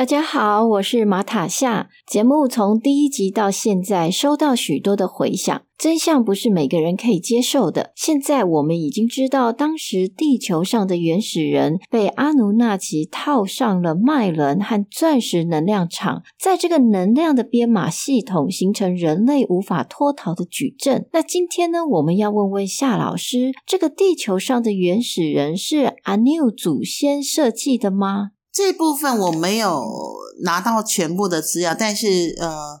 大家好，我是馬塔夏。節目從第一集到現在，收到許多的回響。真相不是每個人可以接受的。現在我們已經知道，當時地球上的原始人被阿努納奇套上了脈輪和鑽石能量場，在這個能量的編碼系統形成人類無法脫逃的矩陣。那今天呢，我們要問問夏老師：這個地球上的原始人是阿努祖先設計的嗎？這部分我沒有拿到全部的資料，但是呃，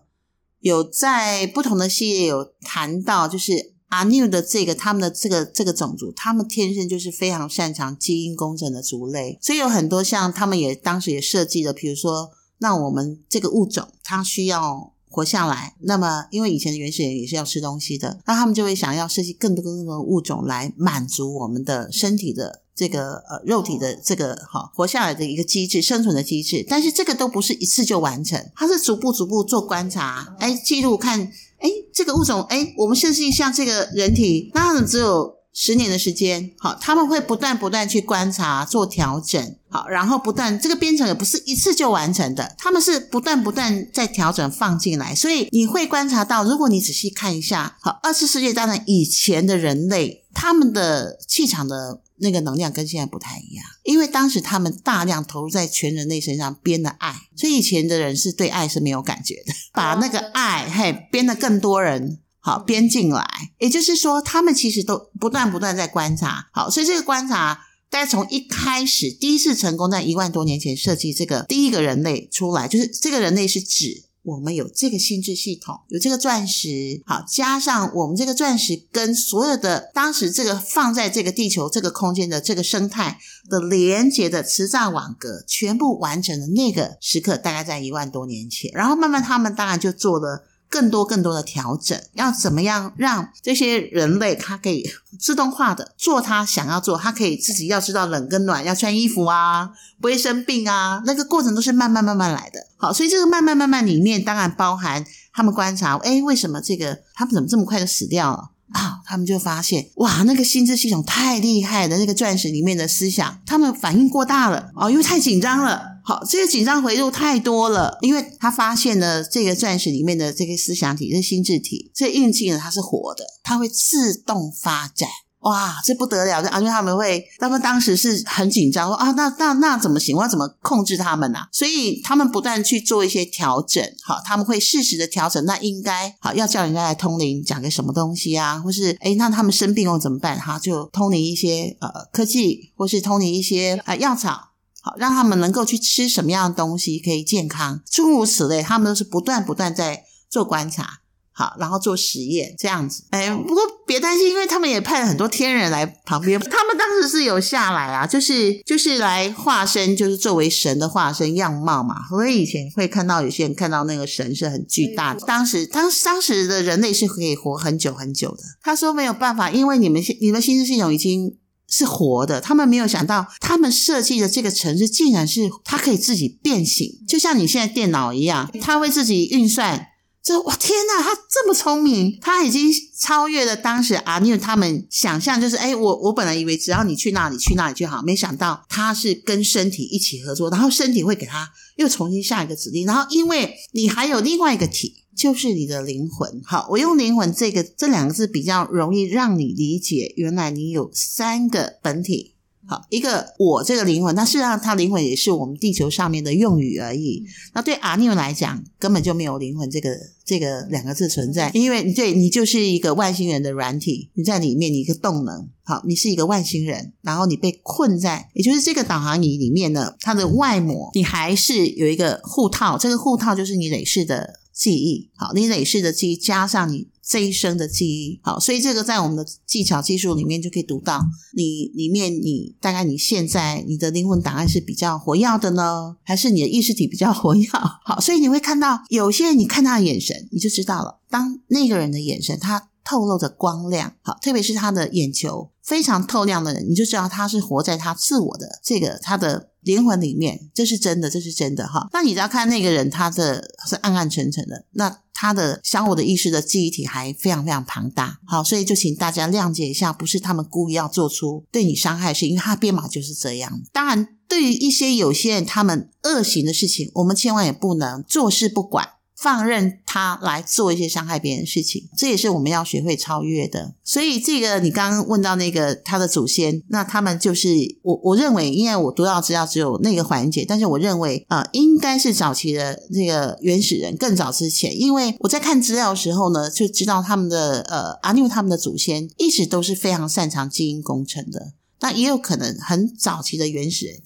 有在不同的系列有談到，就是阿努的這個他們的這個這個種族，他們天生就是非常擅長基因工程的族類，所以有很多像他們也當時也設計的，比如說，那我們這個物種它需要。活下來，那麼因為以前的原始人也是要吃東西的，那他們就會想要設計更多更多的物種來滿足我們的身體的這個呃肉體的這個哈活下來的一個機制，生存的機制。但是這個都不是一次就完成，它是逐步逐步做觀察，哎，記錄看，哎，這個物種，哎，我們設計一下這個人體，那只有。十年的時間，好，他們會不斷不斷去觀察、做調整，好，然後不斷這個編程也不是一次就完成的，他們是不斷不斷在調整放進來，所以你會觀察到，如果你仔細看一下，好，二次世界大戰以前的人類，他們的氣場的那個能量跟現在不太一樣，因為當時他們大量投入在全人類身上編的愛，所以以前的人是對愛是沒有感覺的，把那個愛嘿編得更多人。好，編進來，也就是說，他們其實都不斷不斷在觀察。好，所以這個觀察，大概從一開始第一次成功，在一萬多年前設計這個第一個人類出來，就是這個人類是指我們有這個心智系統，有這個鑽石。好，加上我們這個鑽石跟所有的當時這個放在這個地球這個空間的這個生態的連接的磁障網格全部完成的那個時刻，大概在一萬多年前。然後慢慢他們當然就做了。更多更多的調整，要怎麼樣讓這些人類他可以自動化的做他想要做，他可以自己要知道冷跟暖，要穿衣服啊，不會生病啊，那個過程都是慢慢慢慢來的。好，所以這個慢慢慢慢裡面當然包含他們觀察，哎，為什麼這個他們怎麼這麼快就死掉了啊、哦？他們就發現哇，那個心智系統太厲害了，那個鑽石裡面的思想，他們反應過大了哦，因為太緊張了。好，這個緊張回路太多了，因為他發現了這個鑽石裡面的這個思想體，這個、心智體，這印記呢，它是活的，它會自動發展，哇，這不得了的啊！因為他們會，他們當時是很緊張，說啊，那那那怎麼行？我要怎麼控制他們呢、啊？所以他們不斷去做一些調整，好，他們會適時的調整。那應該好，要叫人家來通靈，講個什麼東西啊？或是哎，那他們生病了怎麼辦？哈，就通靈一些呃科技，或是通靈一些呃藥草。好，讓他們能夠去吃什麼樣的東西可以健康，諸如此類，他們都是不斷不斷在做觀察，好，然後做實驗這樣子。哎、欸，不過別擔心，因為他們也派了很多天人來旁邊，他們當時是有下來啊，就是就是來化身，就是作為神的化身樣貌嘛。所以以前會看到有些人看到那個神是很巨大的，當時當當時的人類是可以活很久很久的。他說沒有辦法，因為你們你們心智系統已經。是活的，他們沒有想到，他們設計的這個程式竟然是它可以自己變形，就像你現在電腦一樣，它會自己運算。這我天吶，它這麼聰明，它已經超越了當時阿努他們想象，就是哎、欸，我我本來以為只要你去那裡去那裡就好，沒想到他是跟身體一起合作，然後身體會給他又重新下一個指令，然後因為你還有另外一個體。就是你的靈魂，好，我用靈魂這個這兩個字比較容易讓你理解。原來你有三個本體，好，一個我這個靈魂，那事實上它靈魂也是我們地球上面的用語而已。嗯、那對阿努來講，根本就沒有靈魂這個這個兩個字存在，因為對你就是一個外星人的軟體，你在裡面，你一個動能，好，你是一個外星人，然後你被困在，也就是這個導航儀裡面呢，它的外膜，你還是有一個護套，這個護套就是你累世的記憶，好，你累世的記憶加上你這一生的記憶，好，所以這個在我們的技巧技術裡面就可以讀到你裡面，你大概你現在你的靈魂檔案是比較活躍的呢？還是你的意識體比較活躍？好，所以你會看到有些人，你看他的眼神你就知道了，當那個人的眼神，他透露着光亮，好，特別是他的眼球非常透亮的人，你就知道他是活在他自我的這個他的。靈魂裡面，這是真的，這是真的哈。那你只要看那個人，他的是暗暗沉沉的，那他的小我的意識的記憶體還非常非常龐大。好，所以就請大家諒解一下，不是他們故意要做出對你傷害的事，是因為他的編碼就是這樣。當然，對於一些有些人他們惡行的事情，我們千萬也不能坐視不管。放任他來做一些傷害別人的事情，這也是我們要學會超越的。所以，這個你剛剛問到那個他的祖先，那他們就是我我認為，因為我讀到資料只有那個環節，但是我認為啊、呃，應該是早期的這個原始人更早之前，因為我在看資料的時候呢，就知道他們的呃阿努他們的祖先一直都是非常擅長基因工程的。那也有可能很早期的原始人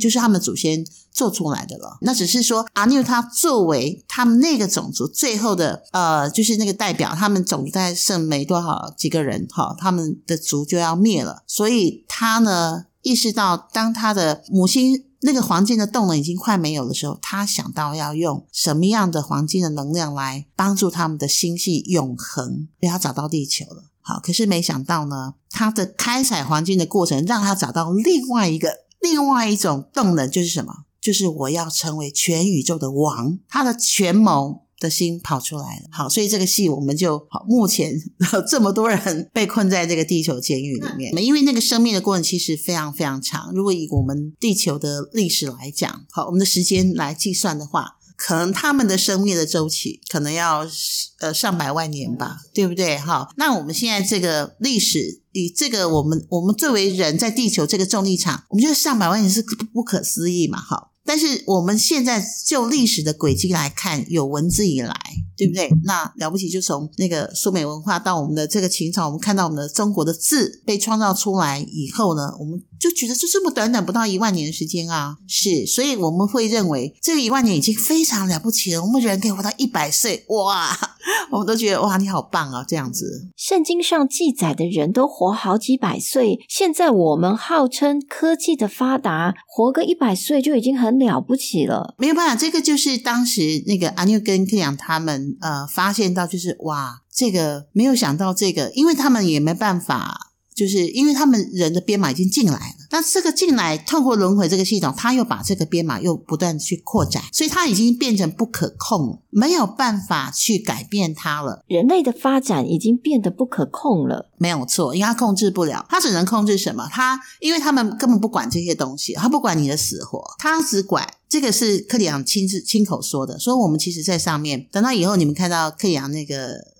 就是他們祖先做出來的了，那只是說阿努他作為他們那個種族最後的呃，就是那個代表，他們種族在剩沒多少幾個人哈、哦，他們的族就要滅了，所以他呢意識到，當他的母星那個黃金的動能已經快沒有的時候，他想到要用什麼樣的黃金的能量來幫助他們的星系永恆，讓他找到地球了。好，可是沒想到呢，他的開採黃金的過程讓他找到另外一個另外一種動能，就是什麼？就是我要成為全宇宙的王，他的權謀的心跑出來了。好，所以這個戲我們就好目前，好這麼多人被困在這個地球監獄裡面。因為那個生命的過程其實非常非常長。如果以我們地球的歷史來講，好，我們的時間來計算的話，可能他們的生命的週期可能要呃上百萬年吧，對不對？好，那我們現在這個歷史以這個我們我們作為人在地球這個重力場，我們覺得上百萬年是不可思議嘛，好。但是我們現在就歷史的軌跡來看，有文字以來，對不對？那了不起，就從那個蘇美文化到我們的這個秦朝，我們看到我們的中國的字被創造出來以後呢，我們。就覺得就這麼短短不到一萬年的時間啊，是，所以我們會認為這個一萬年已經非常了不起了。我們人可以活到一百歲，哇，我們都覺得哇，你好棒啊，這樣子。聖經上記載的人都活好幾百歲，現在我們號稱科技的發達，活個一百歲就已經很了不起了。沒有辦法，這個就是當時那個阿牛跟克陽他們呃發現到，就是哇，這個沒有想到這個，因為他們也沒辦法。就是因為他們人的編碼已經進來了，那這個進來透過輪回這個系統，他又把這個編碼又不斷去擴展，所以他已經變成不可控，沒有辦法去改變它了。人類的發展已經變得不可控了，沒有錯，因為他控制不了，他只能控制什麼？他因為他們根本不管這些東西，他不管你的死活，他只管。這個是克里昂親自親口說的，說我們其實在上面，等到以後你們看到克里昂那個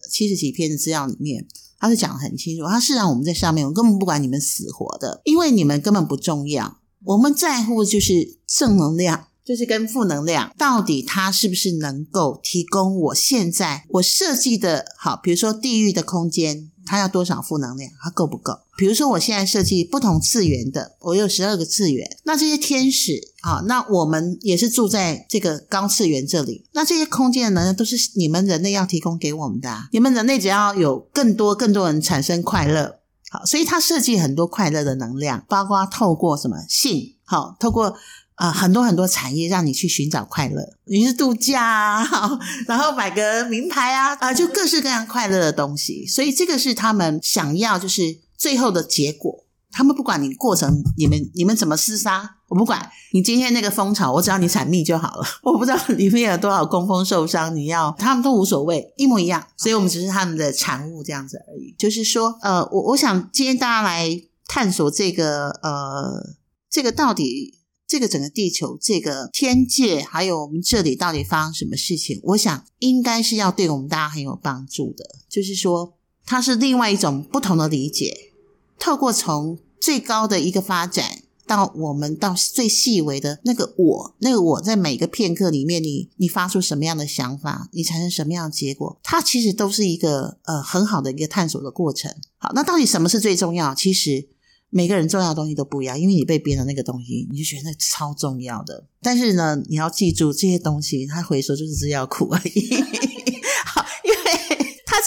七十幾篇的資料裡面。他是講得很清楚，他是讓我們在上面，我根本不管你們死活的，因為你們根本不重要。我們在乎就是正能量，就是跟負能量，到底它是不是能夠提供我現在我設計的，好，比如說地獄的空間，它要多少負能量，它夠不夠？比如說，我現在設計不同次元的，我有十二個次元。那這些天使啊，那我們也是住在這個高次元這裡。那這些空間的能量，都是你們人類要提供給我們的啊。你們人類只要有更多更多人產生快樂，好，所以他設計很多快樂的能量，包括透過什麼信，好，透過啊，很多很多產業讓你去尋找快樂，你是度假啊，好，然後買個名牌啊啊，就各式各樣快樂的東西。所以這個是他們想要，就是。最後的結果，他們不管你過程，你們你們怎麼廝殺，我不管你今天那個蜂巢，我只要你採蜜就好了。我不知道裡面有多少工蜂受傷，你要他們都無所謂，一模一樣。所以，我們只是他們的產物這樣子而已。Okay. 就是說，呃，我我想今天大家來探索這個，呃，這個到底這個整個地球，這個天界，還有我們這裡到底發生什麼事情？我想應該是要對我們大家很有幫助的。就是說，它是另外一種不同的理解。透過從最高的一個發展到我們到最細微的那個我，那個我在每個片刻裡面你，你你發出什麼樣的想法，你產生什麼樣的結果，它其實都是一個呃很好的一個探索的過程。好，那到底什麼是最重要？其實每個人重要的東西都不一樣，因為你被編的那個東西，你就覺得那超重要的。但是呢，你要記住這些東西，它回收就是資料庫而已。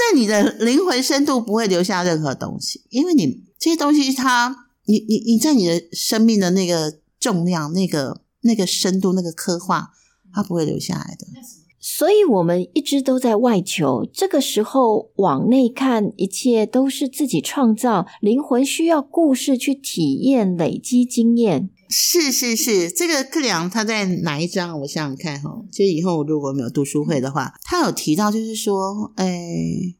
那你的靈魂深度不會留下任何東西，因為你這些東西，它，你你你在你的生命的那個重量，那個那個深度，那個刻畫，它不會留下來的。所以我們一直都在外求，這個時候往內看，一切都是自己創造。靈魂需要故事去體驗、累積經驗。是是是， 這個克里昂他在哪一章？我想想看哈、哦，就以後如果沒有讀書會的話，他有提到就是說，哎，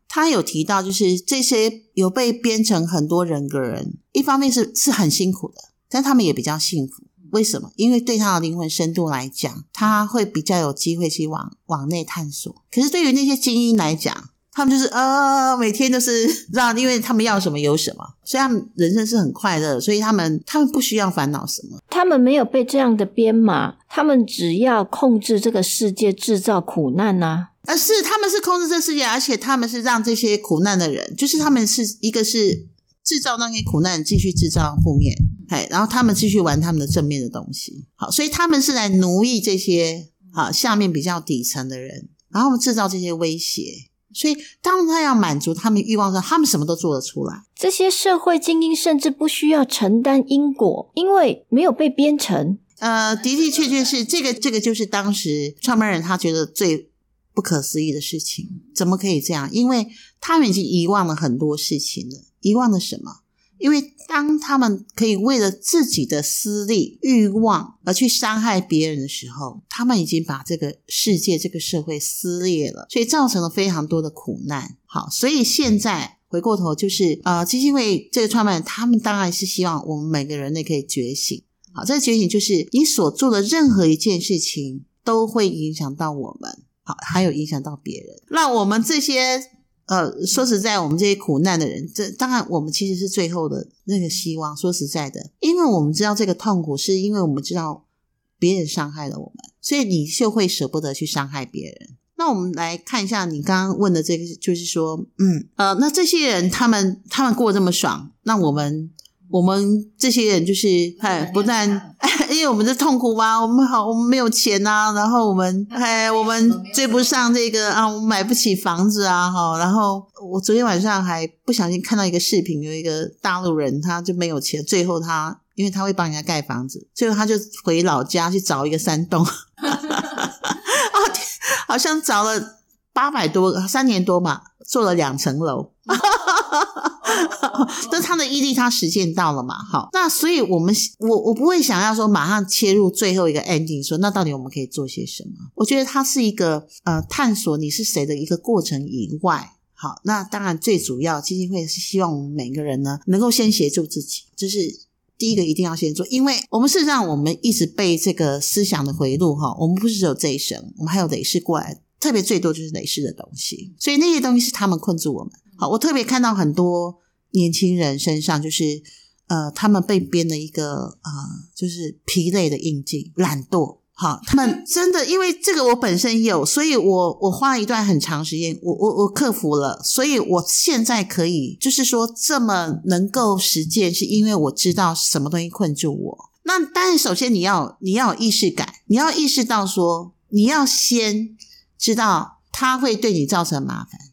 他有提到就是這些有被編程很多人格人，一方面是是很辛苦的，但他們也比較幸福。為什麼？因為對他的靈魂深度來講，他會比較有機會去往往內探索。可是對於那些精英來講，他們就是呃、哦，每天就是讓，因為他們要什麼有什麼，所以他們人生是很快樂，所以他們他們不需要煩惱什麼。他們沒有被這樣的編碼，他們只要控制這個世界，制造苦難呢、啊？啊，是，他們是控制這個世界，而且他們是讓這些苦難的人，就是他們是一個是製造那些苦難，繼續製造負面，哎，然後他們繼續玩他們的正面的東西。好，所以他們是來奴役這些啊，下面比較底層的人，然後他們製造這些威脅。所以，當他要滿足他們欲望的時候，他們什麼都做得出來。這些社會精英甚至不需要承擔因果，因為沒有被編程。呃，的的確確是這個，這個就是當時創辦人他覺得最不可思議的事情，怎麼可以這樣？因為他們已經遺忘了很多事情了，遺忘了什麼？因為當他們可以為了自己的私利、慾望而去傷害別人的時候，他們已經把這個世界、這個社會撕裂了，所以造成了非常多的苦難。好，所以現在回過頭就是，呃，基金會這個創辦人他們當然是希望我們每個人類可以覺醒。好，這個覺醒就是你所做的任何一件事情都會影響到我們，好，還有影響到別人，那我們這些。呃，說實在，我們這些苦難的人，這當然我們其實是最後的那個希望。說實在的，因為我們知道這個痛苦，是因為我們知道別人傷害了我們，所以你就會捨不得去傷害別人。那我們來看一下你剛剛問的這個，就是說，嗯，呃，那這些人他們他們過這麼爽，那我們。我們這些人就是哎、嗯嗯，不但，嗯，因為我們的痛苦嘛、啊，我們好，我們沒有錢吶、啊，然後我們哎、嗯，我們追不上這個啊，我們買不起房子啊，哈，然後我昨天晚上還不小心看到一個視頻，有一個大陸人，他就沒有錢，最後他因為他會幫人家蓋房子，最後他就回老家去找一個山洞，哈哈哈哈，好像找了八百多個，三年多嘛，做了兩層樓。嗯哈哈，哈，但他的毅力他實踐到了嘛？好，那所以我們我我不會想要說馬上切入最後一個 ending，說那到底我們可以做些什麼？我覺得它是一個呃探索你是誰的一個過程以外，好，那當然最主要基金會是希望我們每個人呢能夠先協助自己，這、就是第一個一定要先做，因為我們事實上我們一直被這個思想的回路哈、哦，我們不是只有這一生，我們還有累世過來，特別最多就是累世的東西，所以那些東西是他們困住我們。好，我特別看到很多年輕人身上，就是呃，他們被編了一個啊、呃，就是疲累的印記、懶惰。好，他們真的因為這個，我本身有，所以我我花了一段很長時間，我我我克服了，所以我現在可以，就是說這麼能夠實踐，是因為我知道什麼東西困住我。那當然，但是首先你要你要有意識感，你要意識到說，你要先知道它會對你造成麻煩。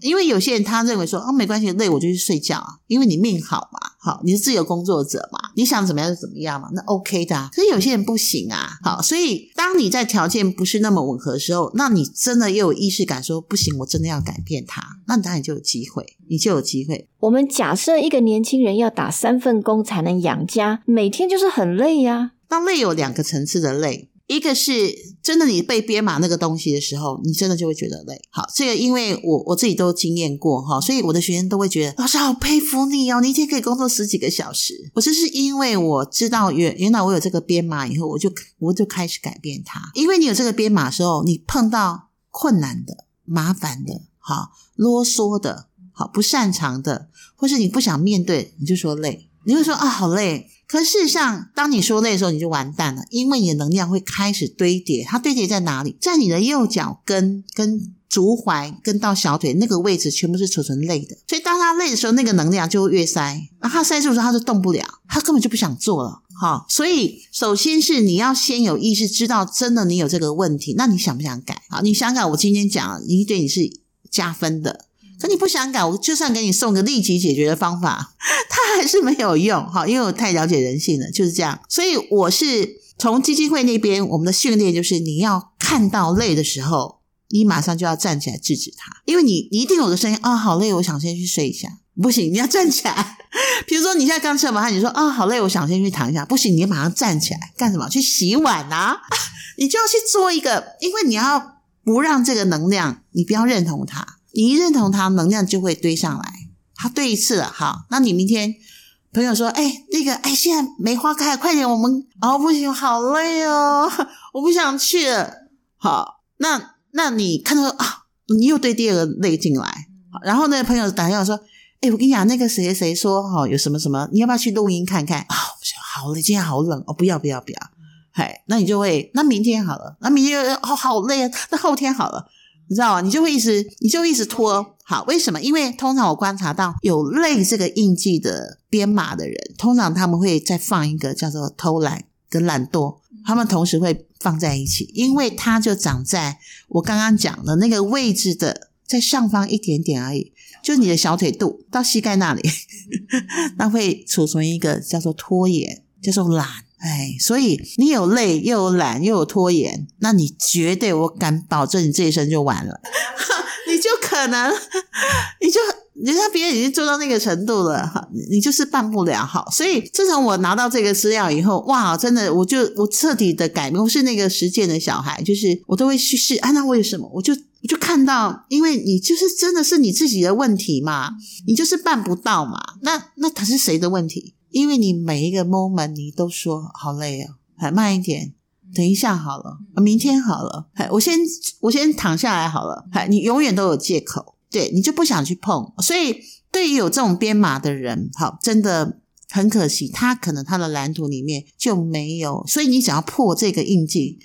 因為有些人他認為說啊、哦、沒關係，累我就去睡覺，啊，因為你命好嘛，好，你是自由工作者嘛，你想怎麼樣就怎麼樣嘛，那 OK 的，啊。可是有些人不行啊，好，所以當你在條件不是那麼吻合的時候，那你真的又有意識感說不行，我真的要改變它，那你當然就有機會，你就有機會。我們假設一個年輕人要打三份工才能養家，每天就是很累呀，啊。那累有兩個層次的累。一個是真的，你被編碼那個東西的時候，你真的就會覺得累。好，這個因為我我自己都經驗過哈，所以我的學生都會覺得老師好佩服你哦，你一天可以工作十幾個小時。我就是因為我知道原原來我有這個編碼以後，我就我就開始改變它。因為你有這個編碼的時候，你碰到困難的、麻煩的、好囉嗦的、好不擅長的，或是你不想面對，你就說累。你會說啊、哦、好累，可事實上，當你說累的時候，你就完蛋了，因為你的能量會開始堆疊。它堆疊在哪裡？在你的右腳跟、跟足踝、跟到小腿那個位置，全部是儲存累的。所以，當它累的時候，那個能量就越塞。那它塞住的時候，它就動不了，它根本就不想做了。哈、哦，所以首先是你要先有意識知道，真的你有這個問題，那你想不想改？啊，你想改？我今天講，一定對你是加分的。可你不想改，我就算給你送個立即解決的方法，它還是沒有用哈，因為我太了解人性了，就是這樣。所以我是從基金會那邊，我們的訓練就是，你要看到累的時候，你馬上就要站起來制止他，因為你你一定有的聲音啊、哦，好累，我想先去睡一下，不行，你要站起來。比如說你現在剛吃完飯，你說啊、哦，好累，我想先去躺一下，不行，你馬上站起來，幹什麼？去洗碗啊。啊你就要去做一個，因為你要不讓這個能量，你不要認同它。你一認同他，能量就會堆上來。他堆一次了，好，那你明天朋友說：“哎、欸，那個，哎、欸，現在梅花開，快點，我們哦不行，好累哦，我不想去。”好，那那你看到啊、哦，你又堆第二個累進來。然後那個朋友打電話說：“哎、欸，我跟你講，那個誰誰說、哦，有什麼什麼，你要不要去錄音看看？”啊，不行，好累，今天好冷，哦，不要不要不要。哎，那你就會，那明天好了，那明天好、哦、好累啊，那後天好了。你知道啊，你就會一直，你就一直拖。好，為什麼？因為通常我觀察到有累這個印記的編碼的人，通常他們會再放一個叫做偷懶跟懶惰，他們同時會放在一起，因為它就長在我剛剛講的那個位置的，在上方一點點而已，就你的小腿肚到膝蓋那裡，那 會儲存一個叫做拖延，叫做懶。哎，所以你有累、又懶、又有拖延，那你絕對我敢保證，你這一生就完了， 你就可能， 你就你看別人已經做到那個程度了，你你就是辦不了，好。所以自從我拿到這個資料以後，哇，真的，我就我徹底的改變，我是那個實踐的小孩，就是我都會去試。啊，那為什麼？我就我就看到，因為你就是真的是你自己的問題嘛，你就是辦不到嘛。那那他是誰的問題？因為你每一個 moment，你都說好累哦，慢一點，等一下好了，明天好了，我先我先躺下來好了來，你永遠都有借口，對，你就不想去碰。所以，對於有這種編碼的人，好，真的很可惜，他可能他的藍圖裡面就沒有，所以你想要破這個印記。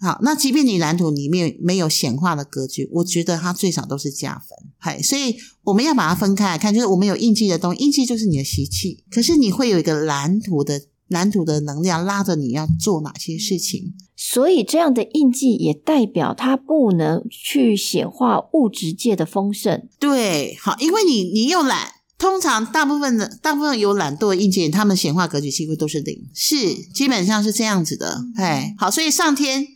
好，那即便你藍圖裡面沒有，沒有顯化的格局，我覺得它最少都是加分。嘿，所以我們要把它分開來看，就是我們有印記的東西，印記就是你的習氣，可是你會有一個藍圖的藍圖的能量拉着你要做哪些事情。所以這樣的印記也代表它不能去顯化物質界的豐盛。對，好，因為你你又懶，通常大部分的大部分有懶惰的印記，他們顯化格局幾乎都是零，是基本上是這樣子的。嘿，好，所以上天。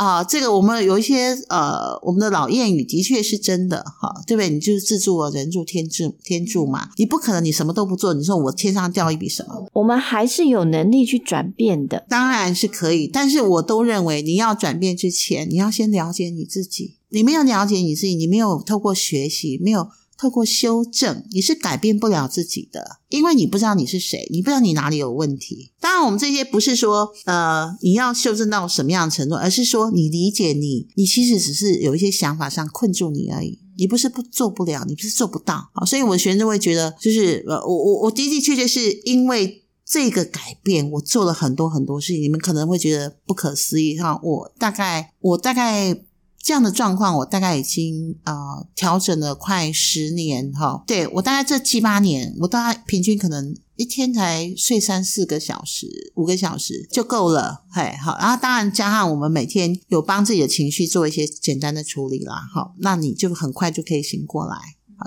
啊、呃，這個我們有一些呃，我們的老諺語的確是真的，哈、哦，對不對？你就是自助人助天助天助嘛，你不可能你什麼都不做，你說我天上掉一筆什麼？我們還是有能力去轉變的，當然是可以。但是我都認為，你要轉變之前，你要先了解你自己。你沒有了解你自己，你沒有透過學習，沒有。透過修正，你是改變不了自己的，因為你不知道你是誰，你不知道你哪裡有問題。當然，我們這些不是說，呃，你要修正到什麼樣的程度，而是說你理解你，你其實只是有一些想法上困住你而已。你不是不做不了，你不是做不到。好，所以，我的學生會覺得，就是，呃，我我我的的確確是因為這個改變，我做了很多很多事情。你們可能會覺得不可思議，哈，我大概，我大概。這樣的狀況，我大概已經呃調整了快十年哈、哦。對，我大概這七八年，我大概平均可能一天才睡三四個小時，五個小時就夠了。嘿，好，然後當然加上我們每天有幫自己的情緒做一些簡單的處理啦。哈、哦，那你就很快就可以醒過來。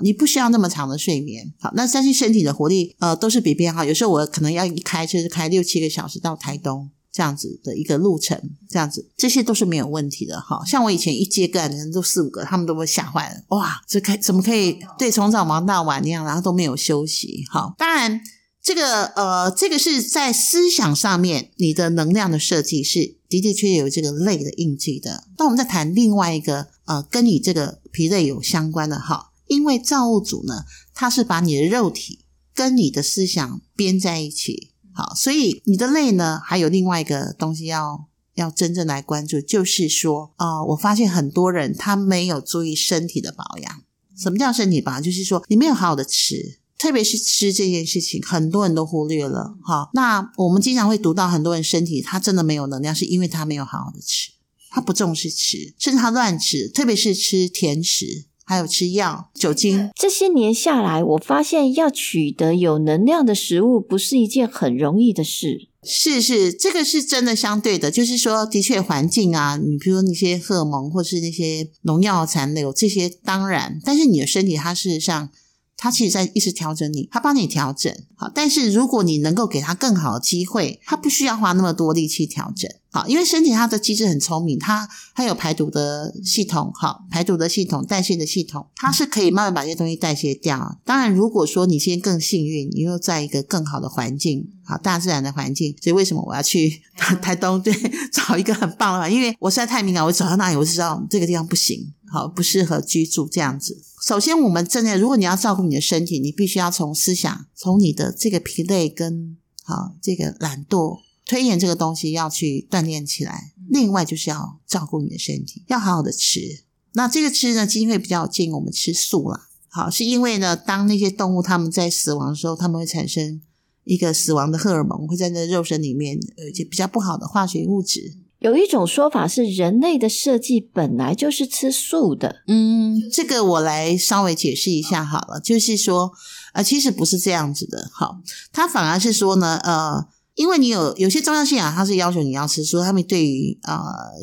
你不需要那麼長的睡眠。好，那相信身體的活力呃都是比別人好。有時候我可能要一開、就是開六七個小時到台東。這樣子的一個路程，這樣子這些都是沒有問題的。哈，像我以前一接個人，都四五個，他們都被嚇壞了。哇，這可以怎麼可以對？從早忙到晚那樣，然後都沒有休息。哈。當然這個呃，這個是在思想上面你的能量的設計是的的確確有這個累的印記的。那我們再談另外一個呃，跟你這個疲累有相關的哈，因為造物主呢，他是把你的肉體跟你的思想編在一起。好，所以你的累呢，還有另外一個東西要要真正來關注，就是說啊、呃，我發現很多人他沒有注意身體的保養。什麼叫身體保養？就是說你沒有好好的吃，特別是吃這件事情，很多人都忽略了。哈，那我們經常會讀到很多人身體他真的沒有能量，是因為他沒有好好的吃，他不重視吃，甚至他亂吃，特別是吃甜食。還有吃藥、酒精，這些年下來，我發現要取得有能量的食物不是一件很容易的事。是是，這個是真的相對的，就是說，的確環境啊，你比如說那些荷爾蒙或是那些農藥殘留，這些當然。但是你的身體，它事實上，它其實在一直調整你，它幫你調整。好，但是如果你能夠給它更好的機會，它不需要花那麼多力氣調整。好，因為身體它的機制很聰明，它它有排毒的系統，好，排毒的系統、代謝的系統，它是可以慢慢把這些東西代謝掉。當然，如果說你今天更幸運，你又在一個更好的環境，好，大自然的環境，所以為什麼我要去台東？對，找一個很棒的環境，因為我實在太敏感，我走到那裡，我知道這個地方不行，好，不適合居住這樣子。首先，我們真的，如果你要照顧你的身體，你必須要從思想，從你的這個疲累跟，好，這個懶惰。推演這個東西要去鍛鍊起來，另外就是要照顧你的身體，要好好的吃。那這個吃呢，因為比較建議我們吃素了。好，是因為呢，當那些動物他們在死亡的時候，他們會產生一個死亡的荷爾蒙，會在那肉身裡面有一些比較不好的化學物質。有一種說法是，人類的設計本來就是吃素的。嗯，這個我來稍微解釋一下好了，哦、就是說，呃，其實不是這樣子的。好，他反而是說呢，呃。因為你有有些宗教信仰，它是要求你要吃。所以他們對於呃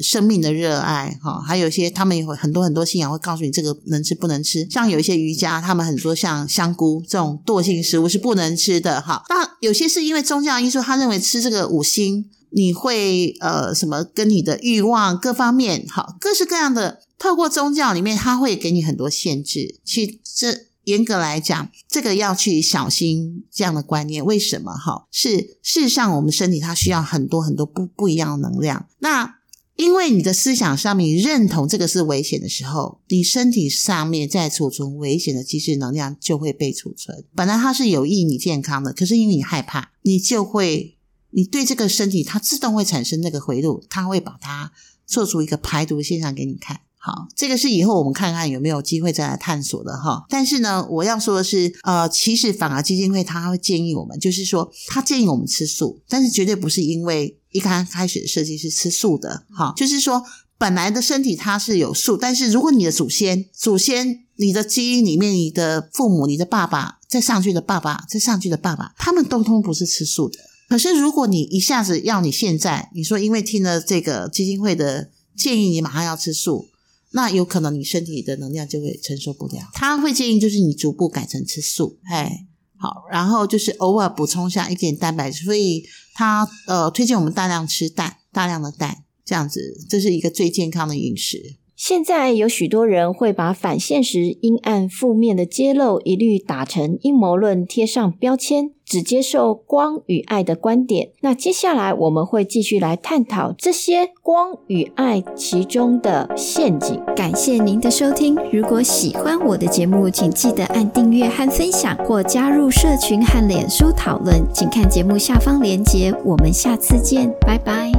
生命的熱愛哈、哦，還有一些他們也會很多很多信仰會告訴你這個能吃不能吃。像有一些瑜伽，他們很多像香菇這種惰性食物是不能吃的哈、哦。但有些是因為宗教的因素，他認為吃這個五辛，你會呃什麼跟你的慾望各方面好、哦、各式各樣的，透過宗教裡面他會給你很多限制去吃。嚴格來講，這個要去小心這樣的觀念。為什麼？哈，是事實上，我們身體它需要很多很多不不一樣的能量。那因為你的思想上面認同這個是危險的時候，你身體上面在儲存危險的機制能量就會被儲存。本來它是有益你健康的，可是因為你害怕，你就會你對這個身體它自動會產生那個回路，它會把它做出一個排毒的現象給你看。好，這個是以後我們看看有沒有機會再來探索的哈。但是呢，我要說的是，呃，其實反而基金會他會建議我們，就是說他建議我們吃素，但是絕對不是因為一剛開始的設計是吃素的哈。就是說本來的身體它是有素，但是如果你的祖先、祖先、你的基因裡面、你的父母、你的爸爸，再上去的爸爸，再上去的爸爸，他們通通不是吃素的。可是如果你一下子要你現在，你說因為聽了這個基金會的建議，你馬上要吃素。那有可能你身體的能量就會承受不了，他會建議就是你逐步改成吃素，哎，好，然後就是偶爾補充下一點蛋白質，所以他呃推薦我們大量吃蛋，大量的蛋，這樣子這是一個最健康的飲食。現在有許多人會把反現實、陰暗、負面的揭露一律打成陰謀論，貼上標籤，只接受光與愛的觀點。那接下來我們會繼續來探討這些光與愛其中的陷阱。感謝您的收聽。如果喜歡我的節目，請記得按訂閱和分享，或加入社群和臉書討論。請看節目下方連結。我們下次見，拜拜。